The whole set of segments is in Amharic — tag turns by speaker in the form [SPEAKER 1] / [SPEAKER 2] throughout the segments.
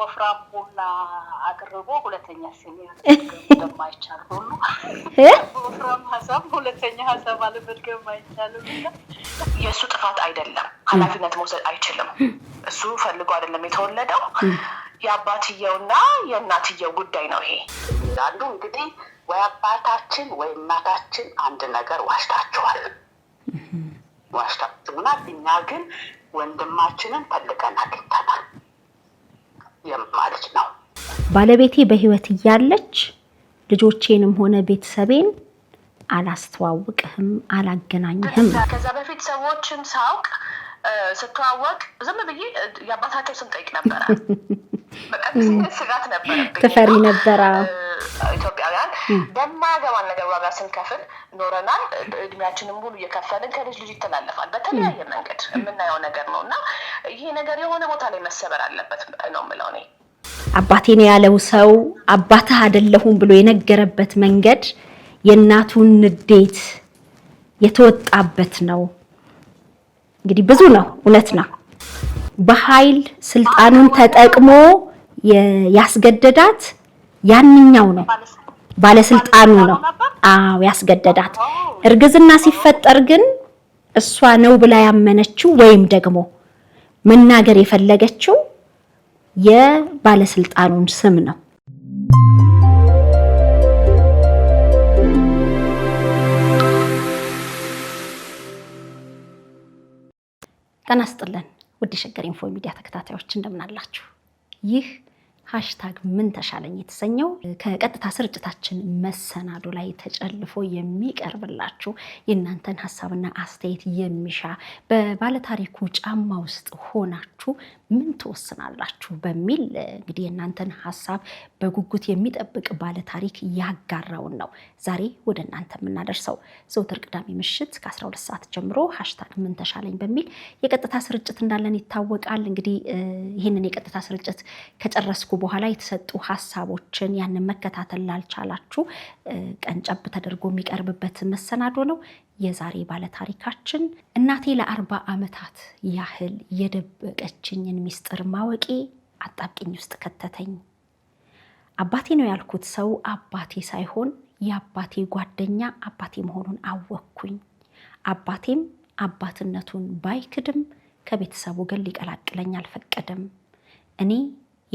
[SPEAKER 1] ወፍራም ቡና አቅርቦ ሁለተኛ ስኒ እንደማይቻል ሁሉ ወፍራም ሀሳብ ሁለተኛ ሀሳብ አለመድገም አይቻልም።
[SPEAKER 2] የእሱ ጥፋት አይደለም፣ ኃላፊነት መውሰድ አይችልም። እሱ ፈልጎ አይደለም የተወለደው፣ የአባትየውና የእናትየው ጉዳይ ነው። ይሄ አንዱ እንግዲህ ወይ አባታችን ወይ እናታችን አንድ ነገር ዋሽታችኋል፣ ዋሽታችሁናል። እኛ ግን ወንድማችንን ፈልገን አግኝተናል። ማለት ነው።
[SPEAKER 3] ባለቤቴ በህይወት እያለች ልጆቼንም ሆነ ቤተሰቤን አላስተዋውቅህም፣ አላገናኝህም።
[SPEAKER 1] ከዛ በፊት ሰዎችን ሳውቅ ስተዋወቅ ዝም ብዬ የአባታቸው ስም ጠይቅ ነበረ። ስጋት ነበረ፣
[SPEAKER 3] ትፈሪ ነበረ።
[SPEAKER 1] ኢትዮጵያውያን በማያገባን ነገር ዋጋ ስንከፍል ኖረናል። እድሜያችንን ሙሉ እየከፈልን ከልጅ ልጅ ይተላለፋል በተለያየ መንገድ የምናየው ነገር ነው እና ይሄ ነገር የሆነ ቦታ ላይ መሰበር አለበት ነው የምለው እኔ።
[SPEAKER 3] አባቴን ያለው ሰው አባትህ አይደለሁም ብሎ የነገረበት መንገድ የእናቱን ንዴት የተወጣበት ነው። እንግዲህ ብዙ ነው፣ እውነት ነው። በኃይል ስልጣኑን ተጠቅሞ ያስገደዳት ያንኛው ነው፣ ባለስልጣኑ ነው። አዎ ያስገደዳት። እርግዝና ሲፈጠር ግን እሷ ነው ብላ ያመነችው ወይም ደግሞ መናገር የፈለገችው የባለስልጣኑን ስም ነው። ጤና ይስጥልን ውድ ኢንፎ ሚዲያ ተከታታዮች እንደምን አላችሁ? ይህ ሀሽታግ ምን ተሻለኝ የተሰኘው ከቀጥታ ስርጭታችን መሰናዶ ላይ ተጨልፎ የሚቀርብላችሁ የእናንተን ሀሳብና አስተያየት የሚሻ በባለታሪኩ ጫማ ውስጥ ሆናችሁ ምን ትወስናላችሁ በሚል እንግዲህ የእናንተን ሀሳብ በጉጉት የሚጠብቅ ባለ ታሪክ ያጋራውን ነው ዛሬ ወደ እናንተ የምናደርሰው። ዘውትር ቅዳሜ ምሽት ከ12 ሰዓት ጀምሮ ሀሽታግ ምን ተሻለኝ በሚል የቀጥታ ስርጭት እንዳለን ይታወቃል። እንግዲህ ይህንን የቀጥታ ስርጭት ከጨረስኩ በኋላ የተሰጡ ሀሳቦችን ያንን መከታተል ላልቻላችሁ ቀንጨብ ተደርጎ የሚቀርብበት መሰናዶ ነው። የዛሬ ባለታሪካችን እናቴ ለአርባ ዓመታት ያህል የደበቀችኝን ሚስጥር ማወቄ አጣብቂኝ ውስጥ ከተተኝ። አባቴ ነው ያልኩት ሰው አባቴ ሳይሆን የአባቴ ጓደኛ አባቴ መሆኑን አወቅኩኝ። አባቴም አባትነቱን ባይክድም ከቤተሰቡ ግን ሊቀላቅለኝ አልፈቀደም። እኔ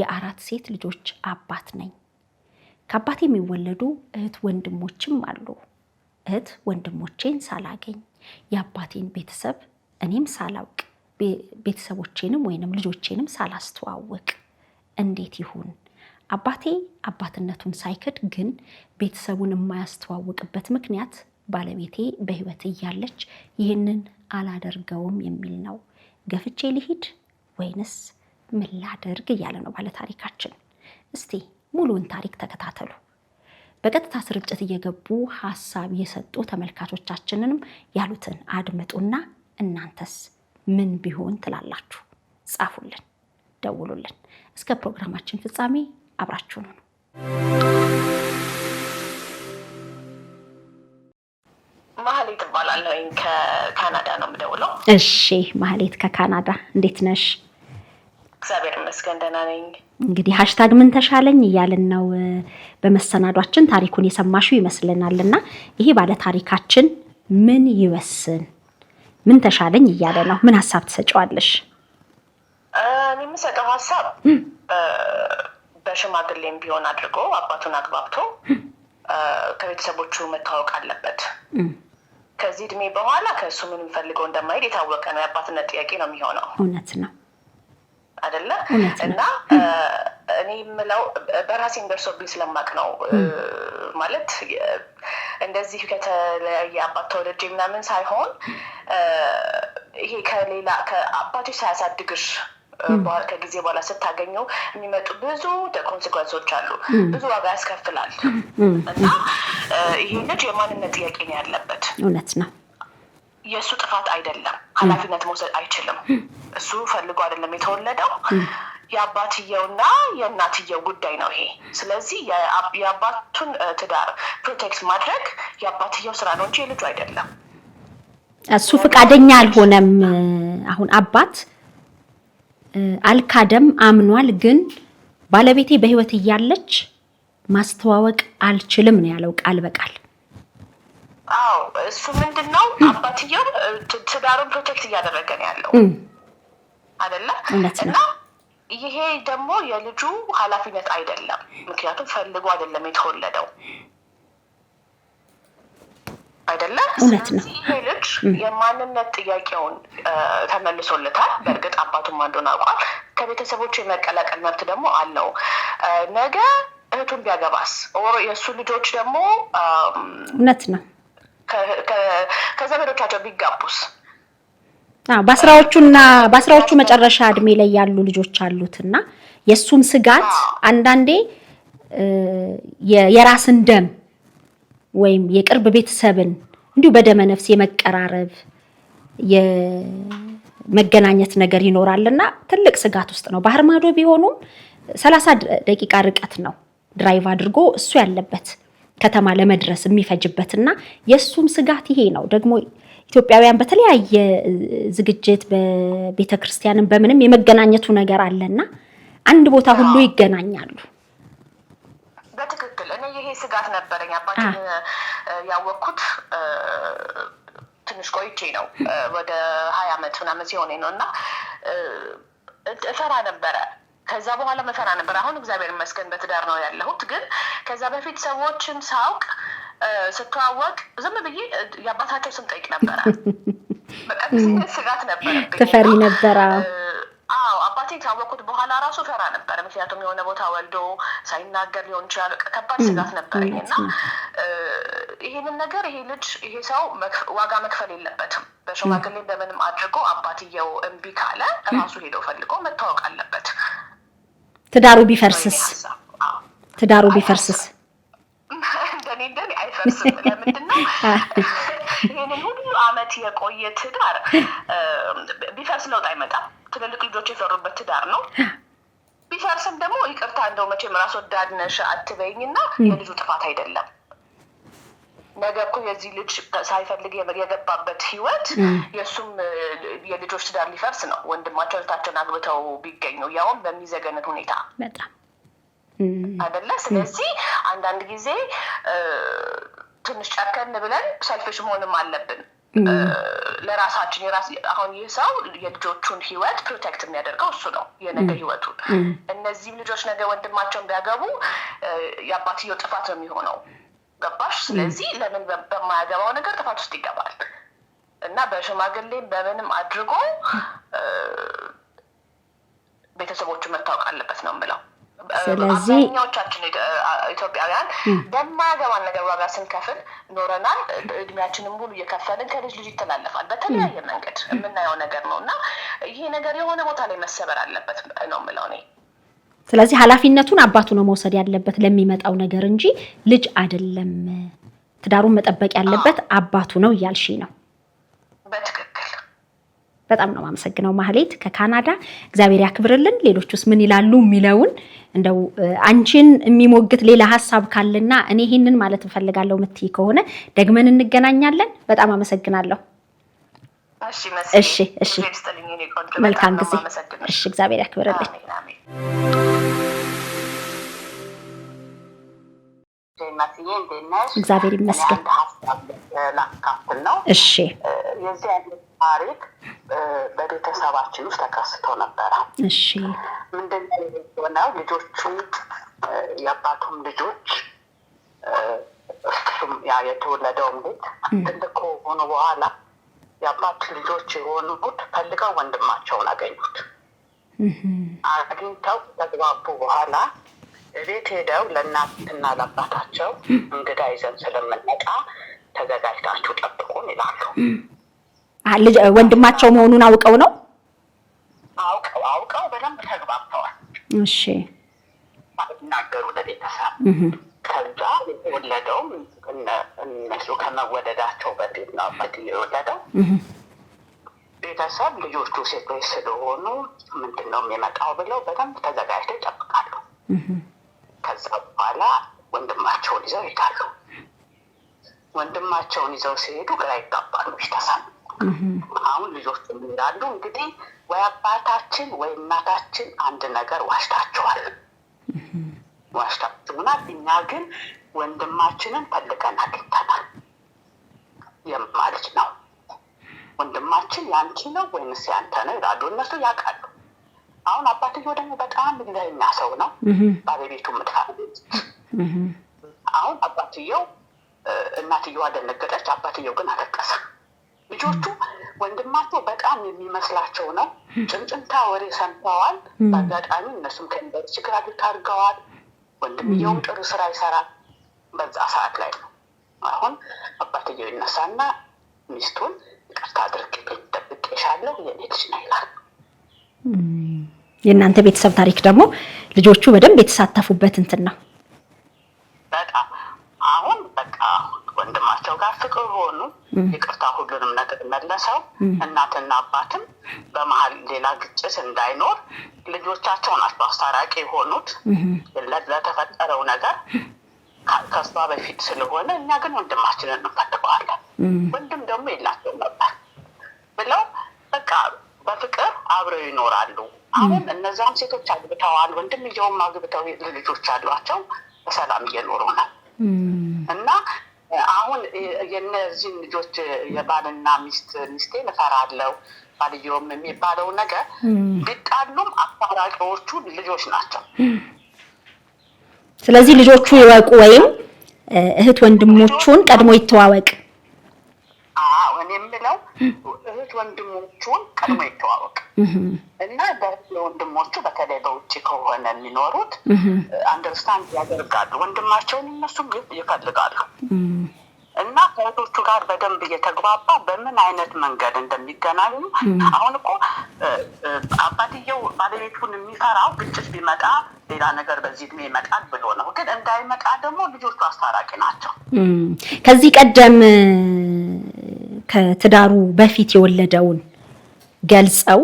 [SPEAKER 3] የአራት ሴት ልጆች አባት ነኝ። ከአባቴ የሚወለዱ እህት ወንድሞችም አሉ። እህት ወንድሞቼን ሳላገኝ የአባቴን ቤተሰብ እኔም ሳላውቅ ቤተሰቦቼንም ወይንም ልጆቼንም ሳላስተዋወቅ እንዴት ይሁን? አባቴ አባትነቱን ሳይክድ ግን ቤተሰቡን የማያስተዋውቅበት ምክንያት ባለቤቴ በሕይወት እያለች ይህንን አላደርገውም የሚል ነው። ገፍቼ ልሂድ ወይንስ ምን ላደርግ እያለ ነው ባለታሪካችን። እስቲ ሙሉውን ታሪክ ተከታተሉ። በቀጥታ ስርጭት እየገቡ ሀሳብ የሰጡ ተመልካቾቻችንንም ያሉትን አድምጡና እናንተስ ምን ቢሆን ትላላችሁ? ጻፉልን፣ ደውሉልን። እስከ ፕሮግራማችን ፍጻሜ አብራችሁን ነው።
[SPEAKER 1] ማህሌት እባላለሁ። ከካናዳ ነው የምደውለው።
[SPEAKER 3] እሺ ማህሌት፣ ከካናዳ እንዴት ነሽ?
[SPEAKER 1] እግዚአብሔር ይመስገን ደህና ነኝ።
[SPEAKER 3] እንግዲህ ሀሽታግ ምን ተሻለኝ እያልን ነው በመሰናዷችን ታሪኩን የሰማሽው ይመስልናል። እና ይሄ ባለ ታሪካችን ምን ይወስን ምን ተሻለኝ እያለ ነው። ምን ሀሳብ ትሰጫዋለሽ?
[SPEAKER 1] የምሰጠው ሀሳብ በሽማግሌም ቢሆን አድርጎ አባቱን አግባብቶ ከቤተሰቦቹ መታወቅ አለበት። ከዚህ እድሜ በኋላ ከእሱ ምን ፈልገው እንደማይሄድ የታወቀ ነው። የአባትነት ጥያቄ ነው የሚሆነው። እውነት ነው። አይደለም እና እኔ የምለው በራሴን ደርሶብኝ ስለማቅ ነው። ማለት እንደዚህ ከተለያየ አባት ተወለጅ ምናምን ሳይሆን ይሄ ከሌላ ከአባቶች ሳያሳድግሽ ከጊዜ በኋላ ስታገኘው የሚመጡ ብዙ ኮንሲኳንሶች አሉ። ብዙ ዋጋ ያስከፍላል እና ይሄ ልጅ የማንነት ጥያቄ ነው ያለበት።
[SPEAKER 3] እውነት ነው።
[SPEAKER 2] የእሱ ጥፋት አይደለም። ኃላፊነት መውሰድ አይችልም። እሱ ፈልጎ አይደለም የተወለደው የአባትየውና የእናትየው ጉዳይ ነው ይሄ። ስለዚህ የአባቱን ትዳር ፕሮቴክት ማድረግ የአባትየው ስራ ነው እንጂ የልጁ አይደለም።
[SPEAKER 3] እሱ ፈቃደኛ አልሆነም። አሁን አባት አልካደም፣ አምኗል። ግን ባለቤቴ በህይወት እያለች ማስተዋወቅ አልችልም ነው ያለው ቃል በቃል
[SPEAKER 1] አዎ እሱ ምንድን ነው አባትየው ትዳሩን ፕሮቴክት እያደረገ ነው ያለው አደለ እና ይሄ ደግሞ የልጁ ኃላፊነት አይደለም። ምክንያቱም ፈልጎ አይደለም የተወለደው አይደለ? ስለዚህ ይሄ ልጅ የማንነት ጥያቄውን ተመልሶለታል። በእርግጥ አባቱም አንዱን አውቋል። ከቤተሰቦቹ የመቀላቀል መብት ደግሞ አለው። ነገ እህቱን ቢያገባስ? የእሱ ልጆች ደግሞ እውነት ነው ከዘመዶቻቸው ቢጋቡስ?
[SPEAKER 3] በአስራዎቹና በአስራዎቹ መጨረሻ እድሜ ላይ ያሉ ልጆች አሉትና የእሱን ስጋት አንዳንዴ የራስን ደም ወይም የቅርብ ቤተሰብን እንዲሁ በደመ ነፍስ የመቀራረብ የመገናኘት ነገር ይኖራልና ትልቅ ስጋት ውስጥ ነው። ባህር ማዶ ቢሆኑም ሰላሳ ደቂቃ ርቀት ነው ድራይቭ አድርጎ እሱ ያለበት ከተማ ለመድረስ የሚፈጅበትና የእሱም ስጋት ይሄ ነው። ደግሞ ኢትዮጵያውያን በተለያየ ዝግጅት በቤተ ክርስቲያንም በምንም የመገናኘቱ ነገር አለና አንድ ቦታ ሁሉ ይገናኛሉ።
[SPEAKER 1] በትክክል እኔ ይሄ ስጋት ነበረኝ። አባቴን ያወቅኩት ትንሽ ቆይቼ ነው፣ ወደ ሀያ አመት ምናምን ሲሆነኝ ነው እና እፈራ ነበረ ከዛ በኋላ መከራ ነበር። አሁን እግዚአብሔር ይመስገን በትዳር ነው ያለሁት። ግን ከዛ በፊት ሰዎችን ሳውቅ ስተዋወቅ ዝም ብዬ የአባታቸው ስም ጠይቅ ነበረ። ስጋት ነበረ፣
[SPEAKER 3] ትፈሪ ነበረ።
[SPEAKER 1] አዎ አባቴ ካወቅኩት በኋላ ራሱ ፈራ ነበረ። ምክንያቱም የሆነ ቦታ ወልዶ ሳይናገር ሊሆን ይችላል። ከባድ ስጋት ነበረኝ እና ይሄንን ነገር ይሄ ልጅ ይሄ ሰው ዋጋ መክፈል የለበትም። በሽማግሌ በምንም አድርጎ አባትየው እምቢ ካለ ራሱ ሄደው ፈልጎ መታወቅ አለበት።
[SPEAKER 3] ትዳሩ ቢፈርስስ ትዳሩ ቢፈርስስ
[SPEAKER 1] እንደኔ እንደኔ አይፈርስም። ለምንድን ነው ይህንን ሁሉ አመት የቆየ ትዳር ቢፈርስ ለውጥ አይመጣም። ትልልቅ ልጆች የፈሩበት ትዳር ነው። ቢፈርስም ደግሞ ይቅርታ እንደው መቼም ራስ ወዳድነሽ አትበይኝና የልጁ ጥፋት አይደለም ነገ እኮ የዚህ ልጅ ሳይፈልግ የገባበት ህይወት የእሱም የልጆች ትዳር ሊፈርስ ነው። ወንድማቸው እህታቸውን አግብተው ቢገኙ ያውም በሚዘገንን ሁኔታ በጣም አይደለ። ስለዚህ አንዳንድ ጊዜ ትንሽ ጨከን ብለን ሰልፊሽ መሆንም አለብን ለራሳችን የራስ አሁን ይህ ሰው የልጆቹን ህይወት ፕሮቴክት የሚያደርገው እሱ ነው፣ የነገ ህይወቱን። እነዚህም ልጆች ነገ ወንድማቸውን ቢያገቡ የአባትየው ጥፋት ነው የሚሆነው። ገባሽ? ስለዚህ ለምን በማያገባው ነገር ጥፋት ውስጥ ይገባል? እና በሽማግሌም በምንም አድርጎ ቤተሰቦቹ መታወቅ አለበት ነው የምለው። ስለዚህ አብዛኛዎቻችን ኢትዮጵያውያን በማያገባን ነገር ዋጋ ስንከፍል ኖረናል። እድሜያችንን ሙሉ እየከፈልን ከልጅ ልጅ ይተላለፋል። በተለያየ መንገድ የምናየው ነገር ነው እና ይሄ ነገር የሆነ ቦታ ላይ መሰበር አለበት ነው የምለው እኔ።
[SPEAKER 3] ስለዚህ ኃላፊነቱን አባቱ ነው መውሰድ ያለበት ለሚመጣው ነገር እንጂ ልጅ አይደለም። ትዳሩን መጠበቅ ያለበት አባቱ ነው እያልሽ ነው። በትክክል በጣም ነው የማመሰግነው ማህሌት ከካናዳ እግዚአብሔር ያክብርልን። ሌሎቹስ ምን ይላሉ የሚለውን እንደው አንቺን የሚሞግት ሌላ ሀሳብ ካለና እኔ ይህንን ማለት እንፈልጋለሁ ምትይ ከሆነ ደግመን እንገናኛለን። በጣም አመሰግናለሁ። እሺ እሺ፣ መልካም ጊዜ። እሺ፣ እግዚአብሔር ያክብርልን።
[SPEAKER 2] ማስዬ እግዚአብሔር ይመስገን። ላካፍል ነው። እሺ። የዚህ አይነት ታሪክ በቤተሰባችን ውስጥ ተከስቶ ነበረ። እሺ። ምንድን ሆነው ልጆቹ የአባቱም ልጆች እሱም ያ የተወለደውም ልጅ ትልቅ ሆኑ በኋላ የአባቱ ልጆች የሆኑት ፈልገው ወንድማቸውን አገኙት። አግኝተው ተግባቡ በኋላ እቤት ሄደው ለእናትና ለአባታቸው እንግዳ ይዘን ስለምንመጣ ተዘጋጅታችሁ ጠብቁን ይላሉ።
[SPEAKER 3] ወንድማቸው መሆኑን አውቀው ነው
[SPEAKER 1] አውቀው አውቀው በደንብ ተግባብተዋል።
[SPEAKER 3] እሺ
[SPEAKER 2] ይናገሩ ለቤተሰብ ከዛ የወለደው እነሱ ከመወለዳቸው በፊት ነው የወለደው። ቤተሰብ ልጆቹ ሴቶች ስለሆኑ ምንድን ነው የሚመጣው ብለው በደንብ ተዘጋጅተው ይጠብቃሉ። ከዛ በኋላ ወንድማቸውን ይዘው ይሄዳሉ። ወንድማቸውን ይዘው ሲሄዱ ግራ ይጋባሉ። ይታሳል አሁን ልጆች ይላሉ እንግዲህ ወይ አባታችን ወይ እናታችን አንድ ነገር ዋሽታችኋል ዋሽታችሁናል። እኛ ግን ወንድማችንን ፈልገን አግኝተናል የማልጅ ነው። ወንድማችን ያንቺ ነው ወይንስ ያንተ ነው ይላሉ። እነሱ ያውቃሉ አሁን አባትየው ደግሞ በጣም እግዘኛ ሰው ነው። ባለቤቱ ምጥፋ አሁን አባትየው እናትየዋ ደነገጠች። አባትየው ግን አለቀሰ። ልጆቹ ወንድማቸው በጣም የሚመስላቸው ነው። ጭንጭንታ ወሬ ሰምተዋል። በአጋጣሚ እነሱም ችግር ግራጁዌት አድርገዋል። ወንድምየውም ጥሩ ስራ ይሰራል። በዛ ሰዓት ላይ ነው አሁን አባትየው ይነሳና ሚስቱን ቅርታ አድርግ፣ ጠብቅ ጠብቄሻለሁ፣ የኔ ልጅ ነው ይላል።
[SPEAKER 3] የእናንተ ቤተሰብ ታሪክ ደግሞ ልጆቹ በደንብ የተሳተፉበት እንትን ነው።
[SPEAKER 1] በጣም አሁን በቃ ወንድማቸው ጋር ፍቅር ሆኑ፣ ይቅርታ ሁሉንም ነገር መለሰው። እናትና አባትም በመሀል ሌላ ግጭት እንዳይኖር ልጆቻቸው ናቸው አስታራቂ የሆኑት ለተፈጠረው ነገር ከሷ በፊት ስለሆነ እኛ ግን ወንድማችንን እንፈልገዋለን፣ ወንድም ደግሞ የላቸው ነበር ብለው በቃ አብረው ይኖራሉ። አሁን እነዚያም ሴቶች አግብተዋል፣ ወንድምየውም አግብተው ልጆች አሏቸው፣ በሰላም እየኖሩ ነው እና አሁን የነዚህን ልጆች የባልና ሚስት ሚስቴ እፈራለሁ ባልየውም የሚባለው ነገር ቢጣሉም አፋራቂዎቹ ልጆች ናቸው።
[SPEAKER 3] ስለዚህ ልጆቹ ይወቁ ወይም እህት ወንድሞቹን ቀድሞ ይተዋወቅ።
[SPEAKER 1] እኔ የምለው እህት ወንድሞቹን ቀድሞ ይተዋወቅ። እና ዳይሬክት ለወንድሞቹ በተለይ በውጭ ከሆነ የሚኖሩት አንደርስታንድ ያደርጋሉ። ወንድማቸውን እነሱ ግብ ይፈልጋሉ እና ከእህቶቹ ጋር በደንብ እየተግባባ በምን አይነት መንገድ እንደሚገናኙ አሁን እኮ አባትየው ባለቤቱን የሚፈራው ግጭት ቢመጣ ሌላ ነገር በዚህ እድሜ ይመጣል ብሎ ነው። ግን እንዳይመጣ ደግሞ ልጆቹ አስታራቂ ናቸው።
[SPEAKER 3] ከዚህ ቀደም ከትዳሩ በፊት የወለደውን ገልጸው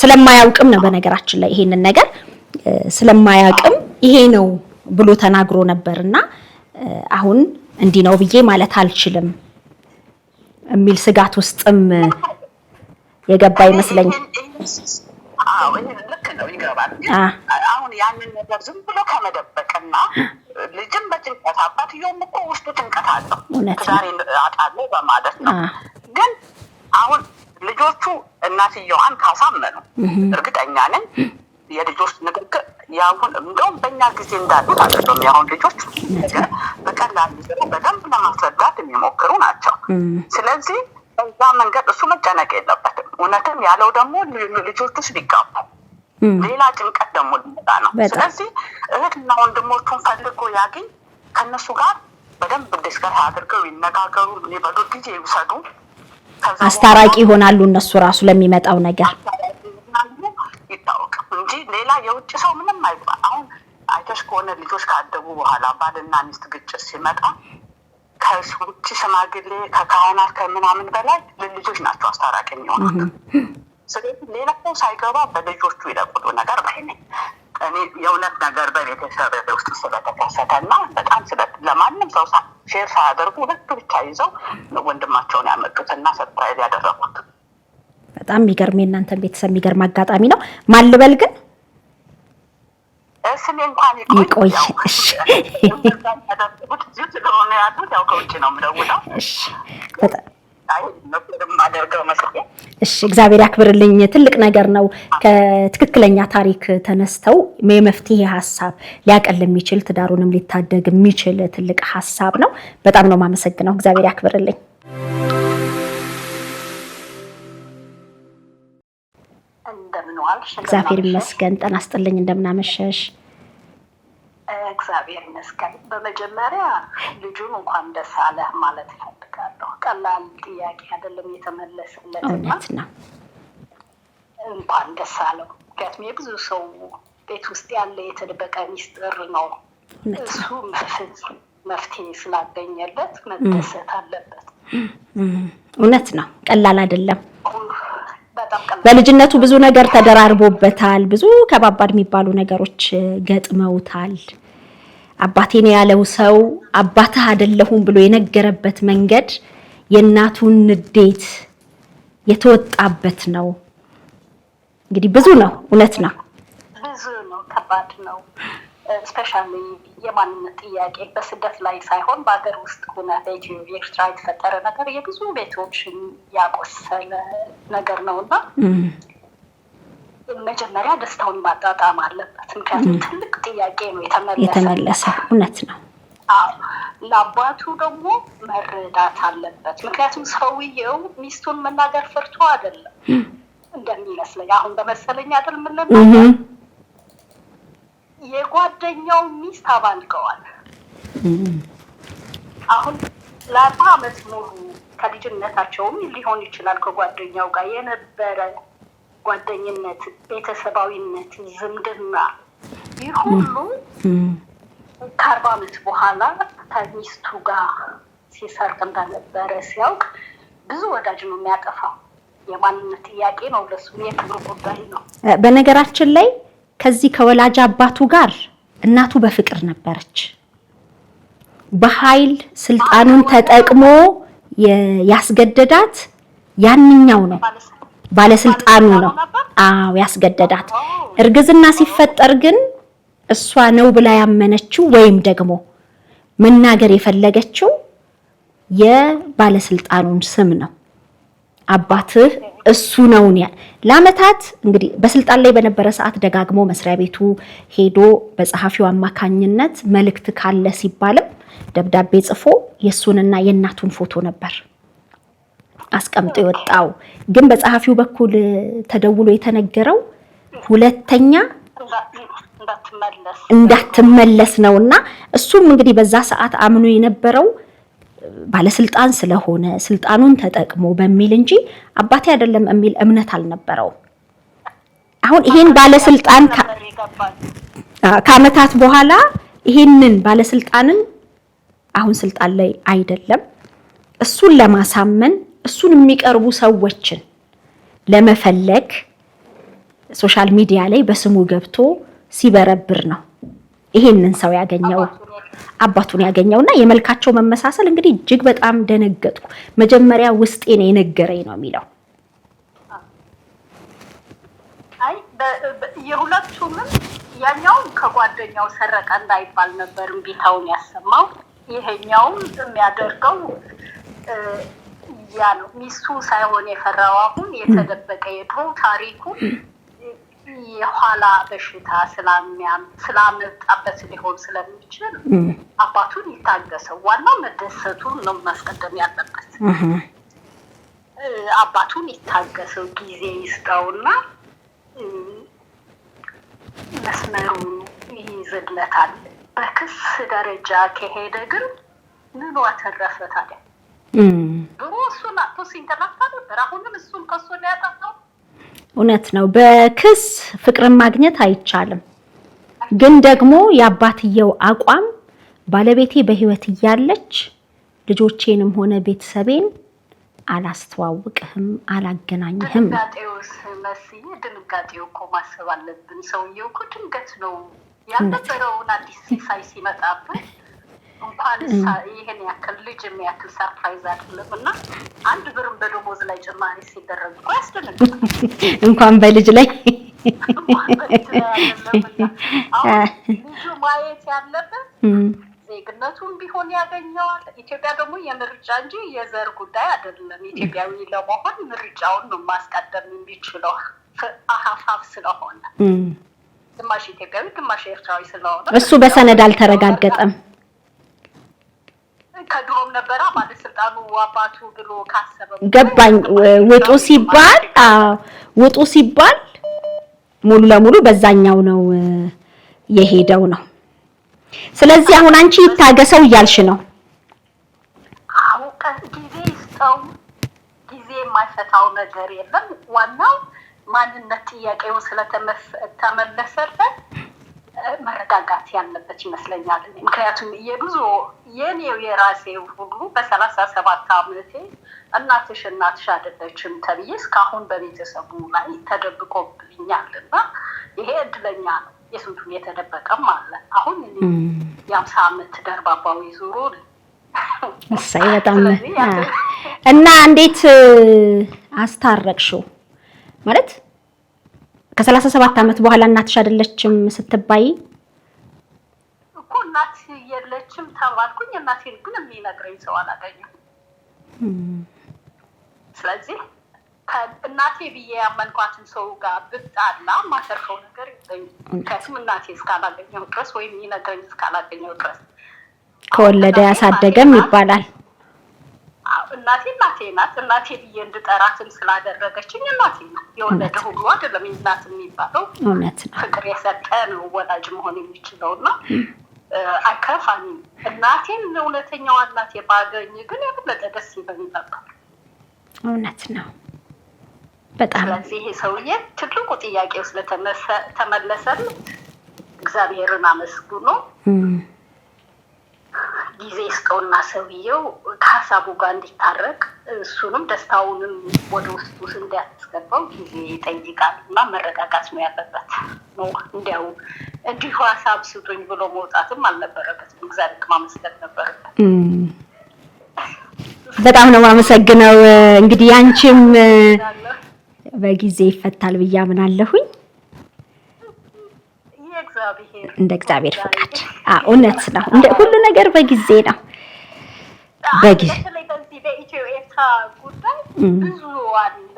[SPEAKER 3] ስለማያውቅም ነው። በነገራችን ላይ ይሄንን ነገር ስለማያውቅም ይሄ ነው ብሎ ተናግሮ ነበር እና አሁን እንዲህ ነው ብዬ ማለት አልችልም የሚል ስጋት ውስጥም የገባ ይመስለኛል።
[SPEAKER 1] ልክ ነው፣ ይገባል። አሁን ያንን ነገር ዝም ብሎ ከመደበቅና ልጅም በጭንቀት አባትየውም እኮ ውስጡ ጭንቀት አለው ዛሬ አጣለ በማለት ነው ግን አሁን ልጆቹ እናትየዋን ካሳመኑ እርግጠኛ ነን የልጆች ንግግር ያሁን እንደውም በእኛ ጊዜ እንዳሉት አይደለም። ያሁን ልጆች ነገር በቀላል በደንብ ለማስረዳት የሚሞክሩ ናቸው። ስለዚህ በዛ መንገድ እሱ መጨነቅ የለበትም። እውነትም ያለው ደግሞ ልጆቹ ሊጋቡ ሌላ ጭንቀት ደግሞ ሊመጣ ነው። ስለዚህ እህትና ወንድሞቹን ፈልጎ ያግኝ ከእነሱ ጋር በደንብ ዲስከስ አድርገው ይነጋገሩ፣ ሊበሉ ጊዜ ይውሰዱ።
[SPEAKER 3] አስታራቂ ይሆናሉ እነሱ ራሱ ለሚመጣው ነገር
[SPEAKER 1] ይታወቅ እንጂ ሌላ የውጭ ሰው ምንም አይግባ። አሁን አይተሽ ከሆነ ልጆች ካደጉ በኋላ ባልና ሚስት ግጭት ሲመጣ ከውጭ ሽማግሌ ከካህናት ከምናምን በላይ ልጆች ናቸው አስታራቂ የሚሆኑት። ስለዚህ ሌላ ሰው ሳይገባ በልጆቹ ይለቁሉ ነገር ባይነኝ እኔ የእውነት ነገር በቤተሰብ ውስጥ ስለተከሰተና በጣም ስለ ለማንም ሰው ሼር ሳያደርጉ ሁለቱ ብቻ ይዘው ወንድማቸውን ያመጡት እና ሰርፕራይዝ ያደረጉት በጣም የሚገርም የእናንተን ቤተሰብ የሚገርም አጋጣሚ ነው። ማልበል ግን ስሜ እንኳን ይቆይ ያደርጉት ስለሆነ ያሉት ያው ከውጭ ነው የምደውለው። እሺ እግዚአብሔር ያክብርልኝ። ትልቅ ነገር ነው። ከትክክለኛ ታሪክ ተነስተው የመፍትሄ ሀሳብ ሊያቀል የሚችል ትዳሩንም ሊታደግ የሚችል ትልቅ ሀሳብ ነው። በጣም ነው የማመሰግነው። እግዚአብሔር ያክብርልኝ። እግዚአብሔር ይመስገን። ጤና ይስጥልኝ። እንደምናመሸሽ እግዚአብሔር ይመስገን። በመጀመሪያ ልጁን እንኳን ደስ አለ ማለት እፈልጋለሁ። ቀላል ጥያቄ አይደለም የተመለሰለት እና እንኳን ደስ አለው። ምክንያቱም የብዙ ሰው ቤት ውስጥ ያለ የተደበቀ ሚስጥር ነው። እሱ መፍትሄ ስላገኘለት መደሰት አለበት። እውነት ነው፣ ቀላል አይደለም። በልጅነቱ ብዙ ነገር ተደራርቦበታል። ብዙ ከባባድ የሚባሉ ነገሮች ገጥመውታል። አባቴን ያለው ሰው አባትህ አይደለሁም ብሎ የነገረበት መንገድ የእናቱን ንዴት የተወጣበት ነው። እንግዲህ ብዙ ነው፣ እውነት ነው፣ ብዙ ነው፣ ከባድ ነው። ስፔሻሊ የማንነት ጥያቄ በስደት ላይ ሳይሆን በሀገር ውስጥ ሆነ በኢትዮ ኤርትራ የተፈጠረ ነገር የብዙ ቤቶችን ያቆሰለ ነገር ነው እና መጀመሪያ ደስታውን ማጣጣም አለበት። ምክንያቱም ትልቅ ጥያቄ ነው የተመለሰ እውነት ነው። ለአባቱ ደግሞ መረዳት አለበት። ምክንያቱም ሰውየው ሚስቱን መናገር ፈርቶ አይደለም እንደሚመስለኝ አሁን በመሰለኝ አይደል የምንለው የጓደኛው ሚስት አባልቀዋል። አሁን ለአርባ አመት ሙሉ ከልጅነታቸውም ሊሆን ይችላል ከጓደኛው ጋር የነበረ ጓደኝነት፣ ቤተሰባዊነት፣ ዝምድና ይህ ሁሉ ከአርባ ዓመት በኋላ ከሚስቱ ጋር ሲሰርቅ እንደነበረ ሲያውቅ ብዙ ወዳጅ ነው የሚያጠፋው። የማንነት ጥያቄ ነው ለሱ፣ የክብር ጉዳይ ነው በነገራችን ላይ ከዚህ ከወላጅ አባቱ ጋር እናቱ በፍቅር ነበረች። በኃይል ስልጣኑን ተጠቅሞ ያስገደዳት ያንኛው ነው፣ ባለስልጣኑ ነው። አዎ ያስገደዳት። እርግዝና ሲፈጠር ግን እሷ ነው ብላ ያመነችው ወይም ደግሞ መናገር የፈለገችው የባለስልጣኑን ስም ነው አባትህ እሱ ነው። ለአመታት እንግዲህ በስልጣን ላይ በነበረ ሰዓት ደጋግሞ መስሪያ ቤቱ ሄዶ በጸሐፊው አማካኝነት መልእክት ካለ ሲባልም ደብዳቤ ጽፎ የእሱንና የእናቱን ፎቶ ነበር አስቀምጦ የወጣው። ግን በጸሐፊው በኩል ተደውሎ የተነገረው ሁለተኛ እንዳትመለስ ነውና እሱም እንግዲህ በዛ ሰዓት አምኖ የነበረው ባለስልጣን ስለሆነ ስልጣኑን ተጠቅሞ በሚል እንጂ አባቴ አይደለም የሚል እምነት አልነበረው። አሁን ይሄን ባለስልጣን ከአመታት በኋላ ይሄንን ባለስልጣንን አሁን ስልጣን ላይ አይደለም እሱን ለማሳመን እሱን የሚቀርቡ ሰዎችን ለመፈለግ ሶሻል ሚዲያ ላይ በስሙ ገብቶ ሲበረብር ነው። ይሄንን ሰው ያገኘው አባቱን ያገኘውና የመልካቸው መመሳሰል እንግዲህ እጅግ በጣም ደነገጥኩ። መጀመሪያ ውስጤን የነገረኝ ነው የሚለው የሁለቱምም ያኛውም ከጓደኛው ሰረቀ እንዳይባል ነበር እምቢታውን ያሰማው። ይሄኛውም የሚያደርገው ያ ነው። ሚስቱ ሳይሆን የፈራው አሁን የተደበቀ የድሮ ታሪኩ የኋላ በሽታ ስላሚያም ስላመጣበት ሊሆን ስለሚችል አባቱን ይታገሰው። ዋናው መደሰቱ ነው ማስቀደም ያለበት። አባቱን ይታገሰው፣ ጊዜ ይስጠውና መስመሩን ይይዝለታል። በክስ ደረጃ ከሄደ ግን ምኑ አተረፈ ታዲያ? ድሮ እሱን አቶ ሲንከላፋ ነበር። አሁንም እሱን ከሱ ሊያጠፋው እውነት ነው። በክስ ፍቅርን ማግኘት አይቻልም። ግን ደግሞ የአባትየው አቋም ባለቤቴ በህይወት እያለች ልጆቼንም ሆነ ቤተሰቤን አላስተዋውቅህም፣ አላገናኝህም። ድንጋጤው እኮ ማሰብ አለብን። ሰውየው እኮ ድንገት ነው ያልነበረውን አዲስ ሲሳይ ሲመጣብን እንኳን ይህን ያክል ልጅ የሚያክል ሰርፕራይዝ አይደለም እና አንድ ብርም በደሞዝ ላይ ጭማሪ ሲደረግ እኮ ያስደነግጣል። እንኳን በልጅ ላይ ልጁ ማየት ያለበት ዜግነቱም ቢሆን ያገኘዋል። ኢትዮጵያ ደግሞ የምርጫ እንጂ የዘር ጉዳይ አይደለም። ኢትዮጵያዊ ለመሆን ምርጫውን ነው ማስቀደም የሚችለው አሀፋፍ ስለሆነ ግማሽ ኢትዮጵያዊ ግማሽ ኤርትራዊ ስለሆነ እሱ በሰነድ አልተረጋገጠም። ከድሮም ነበረ ባለስልጣኑ አባቱ ብሎ ካሰበ ገባኝ። ውጡ ሲባል ውጡ ሲባል ሙሉ ለሙሉ በዛኛው ነው የሄደው ነው። ስለዚህ አሁን አንቺ ይታገሰው እያልሽ ነው። ጊዜ ይስጠው። ጊዜ የማይፈታው ነገር የለም። ዋናው ማንነት ጥያቄውን ስለተመለሰለን? መረጋጋት ያለበት ይመስለኛል። ምክንያቱም የብዙ የኔው የራሴ ሁሉ በሰላሳ ሰባት አመቴ እናትሽ እናትሽ አይደለችም ተብዬ እስካሁን በቤተሰቡ ላይ ተደብቆብኛል እና ይሄ እድለኛ ነው። የስንቱም የተደበቀም አለ። አሁን የአምሳ ዓመት ደርባባዊ ዙሮ እሰይ በጣም እና እንዴት አስታረቅሽው ማለት ከሰላሳ ሰባት ዓመት በኋላ እናትሽ አይደለችም ስትባይ እኮ እናት የለችም ተባልኩኝ። እናቴን ግን የሚነግረኝ ሰው አላገኘም። ስለዚህ እናቴ ብዬ ያመንኳትን ሰው ጋር ብጣላ ማተርፈው ነገር የለኝም። ከስም እናቴ እስካላገኘው ድረስ ወይም ይነግረኝ እስካላገኘው ድረስ ከወለደ ያሳደገም ይባላል። እናቴ እናቴ ናት። እናቴ ብዬ እንድጠራትም ስላደረገችኝ እናቴ ናት። የወለደ ሁሉ አይደለም እናት የሚባለው ፍቅር የሰጠ ነው ወላጅ መሆን የሚችለው እና አይከፋኝም። እናቴን እውነተኛዋ እናቴ ባገኝ ግን የበለጠ ደስ ይበኝ ነበር። እውነት ነው በጣም ስለዚህ ይሄ ሰውዬ ትልቁ ጥያቄው ስለተመለሰል እግዚአብሔርን አመስግኖ ጊዜ ይስጠውና ሰውየው ከሀሳቡ ጋር እንዲታረቅ እሱንም ደስታውንም ወደ ውስጡ እንዲያስገባው ጊዜ ይጠይቃል እና መረጋጋት ነው ያለበት። ነው እንዲያው እንዲሁ ሀሳብ ስጡኝ ብሎ መውጣትም አልነበረበትም። እግዚአብሔር ማመስገን ነበረበት። በጣም ነው የማመሰግነው። እንግዲህ ያንቺም በጊዜ ይፈታል ብዬ አምናለሁኝ። እንደ እግዚአብሔር ፍቃድ። እውነት ነው። እንደ ሁሉ ነገር በጊዜ ነው በጊዜ ጉዳይ ብዙ አለ።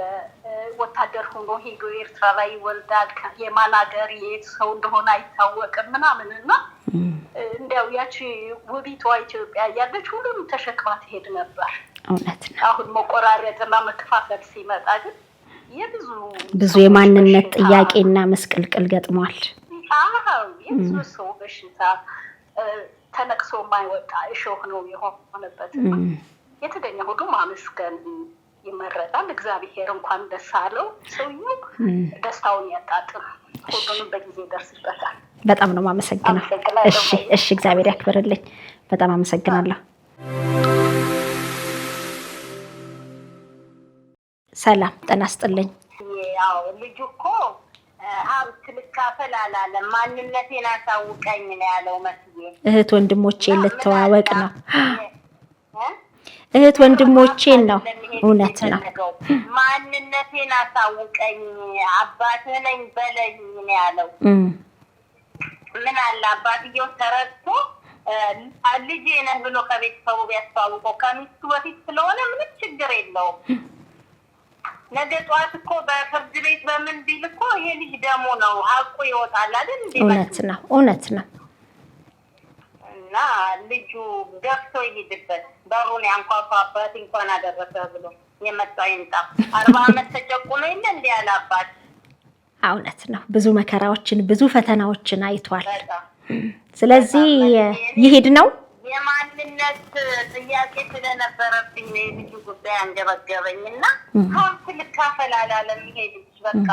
[SPEAKER 1] ወታደር ሆኖ ሄዶ ኤርትራ ላይ ይወልዳል። የማላገር የት ሰው እንደሆነ አይታወቅም ምናምን እና እንዲያው ያቺ ውቢቷ ኢትዮጵያ እያለች ሁሉም ተሸክማ ትሄድ ነበር። እውነት ነው። አሁን መቆራረጥና መከፋፈል ሲመጣ ግን የብዙ ብዙ የማንነት ጥያቄና መስቅልቅል ገጥሟል። ሶስት ሰው በሽታ ተነቅሶ የማይወጣ እሾህ ነው የሆነበት። የተገኘ ሁሉ ማመስገን ይመረጣል። እግዚአብሔር እንኳን ደስ አለው ሰውዬው ደስታውን ያጣጥም። ሁሉንም በጊዜ ይደርስበታል። በጣም ነው ማመሰግነው። እሺ፣ እሺ፣ እግዚአብሔር ያክብርልኝ። በጣም አመሰግናለሁ። ሰላም ጤና ይስጥልኝ። ያው ልጁ እኮ ሀብት ልካፈል አላለም። ማንነቴን አሳውቀኝ ነው ያለው መስዬ። እህት ወንድሞቼ ልተዋወቅ ነው እህት ወንድሞቼን ነው። እውነት ነው። ማንነቴን አሳውቀኝ አባትህ ነኝ በለኝ ነው ያለው። ምን አለ አባትየው ተረድቶ ልጄ ነህ ብሎ ከቤተሰቡ ቢያስተዋውቀው ከሚስቱ በፊት ስለሆነ ምንም ችግር የለውም። ነገ ጠዋት እኮ በፍርድ ቤት በምን ቢል እኮ ይሄ ልጅ ነው ይወጣል አይደል? እውነት ነው እውነት ነው። እና ልጁ ይሄድበት በሩን እንኳን አደረሰ ብሎ የመጣ ይምጣ። አርባ አመት ተጨቁኖ የለ እንዲ እውነት ነው። ብዙ መከራዎችን ብዙ ፈተናዎችን አይቷል። ስለዚህ ይሄድ ነው የማንነት ጥያቄ ስለነበረብኝ ነው የልጁ ጉዳይ አንገበገበኝ እና ካውንት ልካፈል አላለም። ይሄ ልጅ በቃ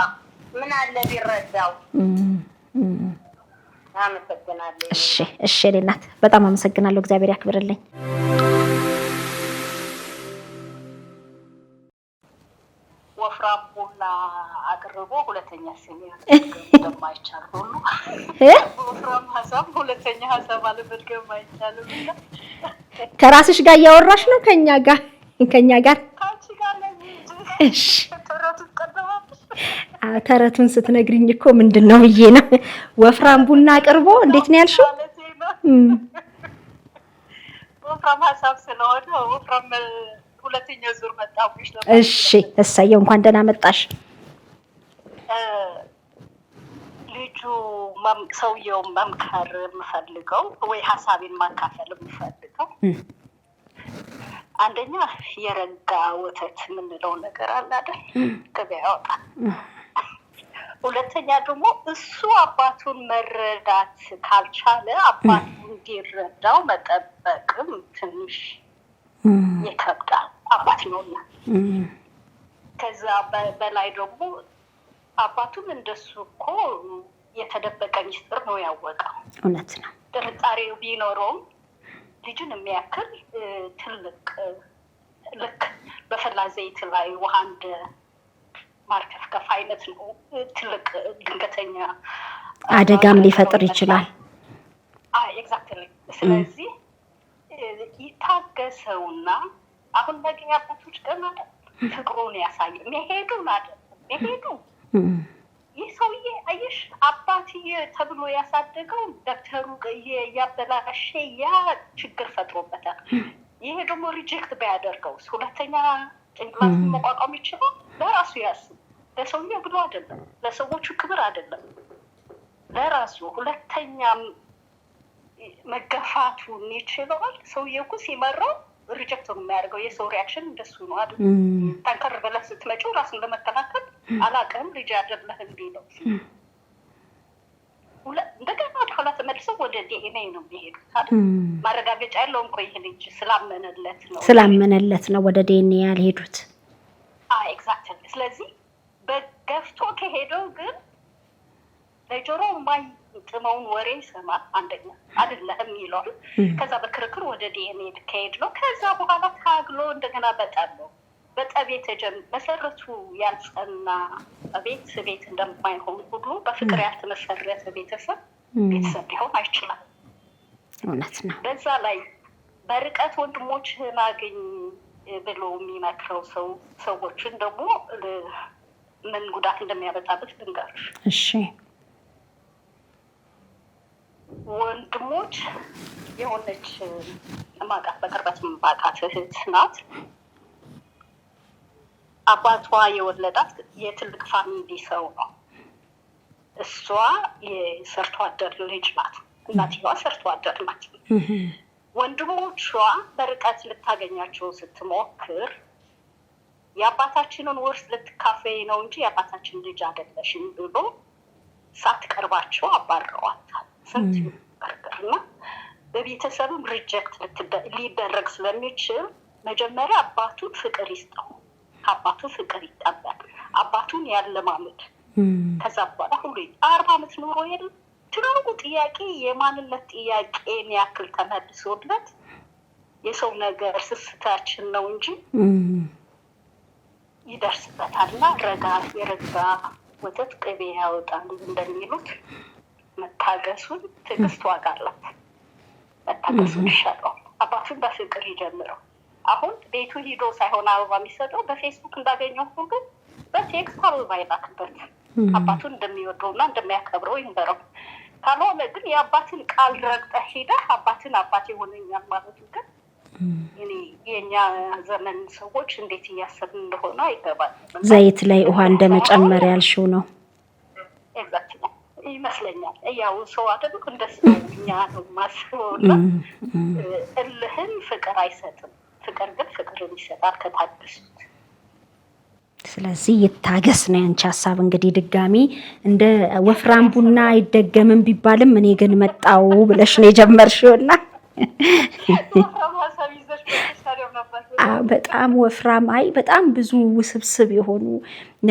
[SPEAKER 1] ምን አለ ቢረዳው። አመሰግናለሁ። እሺ እሺ፣ ሌላት በጣም አመሰግናለሁ። እግዚአብሔር ያክብርልኝ። ሁለተኛ እንደማይቻል ወፍራም ሀሳብ ሁለተኛ ሀሳብ አለመድገም አይቻልም። ከራስሽ ጋር እያወራሽ ነው ከኛ ጋር ከኛ ጋር እሺ፣ ተረቱን ስትነግሪኝ እኮ ምንድን ነው ብዬ ነው። ወፍራም ቡና አቅርቦ እንዴት ነው ያልሽው? ወፍራም ሀሳብ ስለሆነ ወፍራም ሁለተኛ ዙር መጣ። እሺ፣ እሰየው፣ እንኳን ደህና መጣሽ። ልጁ ሰውየው መምከር የምፈልገው ወይ ሀሳቤን ማካፈል የምፈልገው አንደኛ የረጋ ወተት የምንለው ነገር አለ አይደል? ገበያ ያወጣ። ሁለተኛ ደግሞ እሱ አባቱን መረዳት ካልቻለ አባቱ እንዲረዳው መጠበቅም ትንሽ ይከብዳል። አባት ነውና ከዛ በላይ ደግሞ አባቱም እንደሱ እኮ የተደበቀ ሚስጥር ነው ያወቀው። እውነት ነው። ጥርጣሬው ቢኖረውም ልጁን የሚያክል ትልቅ ልክ በፈላ ዘይት ላይ ውሃ እንደ ማርከፍከፍ አይነት ነው። ትልቅ ድንገተኛ አደጋም ሊፈጥር ይችላል። ኤግዛክትሊ። ስለዚህ ይታገሰውና አሁን በገ አባቶች ገና ፍቅሩን ያሳየ መሄዱን አደ መሄዱ ይህ ሰውዬ አየሽ አባትዬ ተብሎ ያሳደገው ዶክተሩ እያበላሸ ያ ችግር ፈጥሮበታል። ይሄ ደግሞ ሪጀክት ባያደርገው ሁለተኛ ጭንቅላት መቋቋም ይችላል። ለራሱ ያስብ። ለሰውዬ ብሎ አይደለም፣ ለሰዎቹ ክብር አይደለም፣ ለራሱ ሁለተኛ መገፋቱን ይችለዋል። ሰውዬ እኮ ሲመራው ሪጀክት ነው የሚያደርገው። የሰው ሪያክሽን እንደሱ ነው አይደል? ጠንከር ብለህ ስትመጪው ራስን ለመከላከል አላውቅም ልጅ እንዲ ነው። እንደገና ወደ ኋላ ተመልሰው ወደ ዲኤንኤ ነው የሚሄዱ። ማረጋገጫ ያለውም ይህ ልጅ ስላመነለት ነው ስላመነለት ነው ወደ ዲኤንኤ ያልሄዱት። ኤግዛክት። ስለዚህ በገፍቶ ከሄደው ግን ለጆሮ ማይ ቅመውን ወሬ ስማ አንደኛ አይደለህም ይለዋል። ከዛ በክርክር ወደ ዲኤንኤ ሊካሄድ ነው። ከዛ በኋላ ታግሎ እንደገና በጠብ ነው በጠብ የተጀም መሰረቱ ያልጸና ቤት ቤት እንደማይሆን ሁሉ በፍቅር ያልተመሰረተ ቤተሰብ ቤተሰብ ሊሆን አይችላል። እውነት ነው። በዛ ላይ በርቀት ወንድሞችህን አግኝ ብሎ የሚመክረው ሰው ሰዎችን ደግሞ ምን ጉዳት እንደሚያበጣበት ልንገርሽ። እሺ ወንድሞች የሆነች ማቃት በቅርበት ማቃት እህት ናት። አባቷ የወለዳት የትልቅ ፋሚሊ ሰው ነው። እሷ የሰርቶ አደር ልጅ ናት። እናትየዋ ሰርቶ አደር ናት። ወንድሞቿ በርቀት ልታገኛቸው ስትሞክር የአባታችንን ውርስ ልትካፈይ ነው እንጂ የአባታችን ልጅ አይደለሽም ብሎ ሳትቀርባቸው አባረዋታል። ፍርድ ይቀርና በቤተሰብም ሪጀክት ሊደረግ ስለሚችል መጀመሪያ አባቱን ፍቅር ይስጠው። ከአባቱ ፍቅር ይጠበቅ። አባቱን ያለማመድ ከዛ በኋላ ሁሉ አርባ ዓመት ኖሮ የለ ትልቁ ጥያቄ የማንነት ጥያቄን ያክል ተመልሶለት የሰው ነገር ስስታችን ነው እንጂ ይደርስበታል እና ረጋ የረጋ ወተት ቅቤ ያወጣል እንደሚሉት መታገሱን ትዕግስት ዋጋ አላት። መታገሱን ይሻለዋል። አባቱን በፍቅር ይጀምረው። አሁን ቤቱ ሂዶ ሳይሆን አበባ የሚሰጠው በፌስቡክ እንዳገኘው ግን በቴክስት አበባ ይላክበት። አባቱን እንደሚወደው እና እንደሚያከብረው ይንበረው። ካልሆነ ግን የአባትን ቃል ረግጠ ሄደ አባትን አባት የሆነኛል ማለቱ ግን እኔ የእኛ ዘመን ሰዎች እንዴት እያሰብን እንደሆነ አይገባል። ዘይት ላይ ውሃ እንደመጨመር ያልሽው ነው። ይመስለኛል። ያው ሰው አደሉ እንደሱ እኛ ነው ማስበውና እልህን ፍቅር አይሰጥም። ፍቅር ግን ፍቅርን ይሰጣል ከታገሱት። ስለዚህ ይታገስ ነው ያንቺ ሀሳብ። እንግዲህ ድጋሚ እንደ ወፍራም ቡና አይደገምም ቢባልም እኔ ግን መጣው ብለሽ ነው የጀመርሽው በጣም ወፍራም አይ በጣም ብዙ ውስብስብ የሆኑ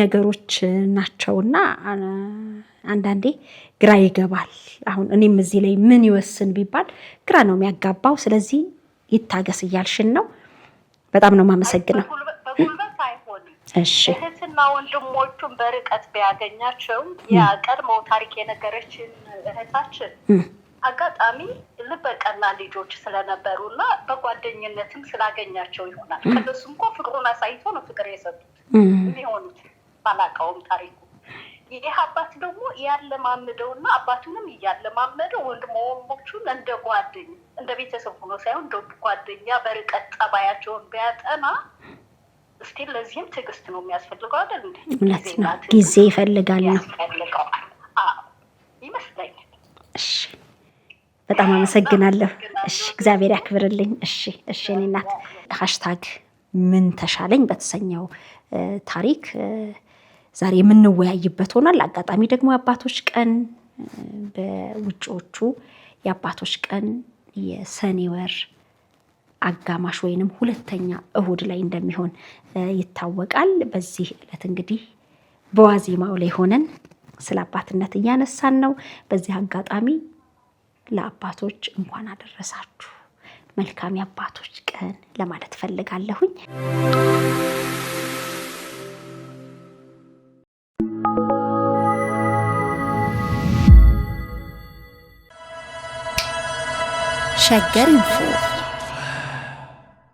[SPEAKER 1] ነገሮች ናቸውና አንዳንዴ ግራ ይገባል። አሁን እኔም እዚህ ላይ ምን ይወስን ቢባል ግራ ነው የሚያጋባው። ስለዚህ ይታገስ እያልሽን ነው። በጣም ነው የማመሰግነው። እሺ እህትና ወንድሞቹን በርቀት ቢያገኛቸው የቀድሞው ታሪክ የነገረችን እህታችን አጋጣሚ ልበቀና ልጆች ስለነበሩ እና በጓደኝነትም ስላገኛቸው ይሆናል። ከነሱ እንኳ ፍቅሩን አሳይቶ ነው ፍቅር የሰጡት የሚሆኑት ባላቃውም ታሪኩ ይህ አባት ደግሞ ያለማመደው እና አባቱንም እያለማመደው ወንድሞቹን እንደ ጓደኛ እንደ ቤተሰብ ሆኖ ሳይሆን እንደ ጓደኛ በርቀት ጠባያቸውን ቢያጠና እስቲል ለዚህም ትዕግስት ነው የሚያስፈልገው አይደል? እውነት ነው። ጊዜ ይፈልጋል ነው ይመስለኛል። እሺ፣ በጣም አመሰግናለሁ። እሺ፣ እግዚአብሔር ያክብርልኝ። እሺ፣ እሺ። እኔ እናት ሀሽታግ ምን ተሻለኝ በተሰኘው ታሪክ ዛሬ የምንወያይበት ሆኗል። አጋጣሚ ደግሞ የአባቶች ቀን በውጭዎቹ የአባቶች ቀን የሰኔ ወር አጋማሽ ወይንም ሁለተኛ እሁድ ላይ እንደሚሆን ይታወቃል። በዚህ ዕለት እንግዲህ በዋዜማው ላይ ሆነን ስለ አባትነት እያነሳን ነው። በዚህ አጋጣሚ ለአባቶች እንኳን አደረሳችሁ መልካም የአባቶች ቀን ለማለት ፈልጋለሁኝ። for.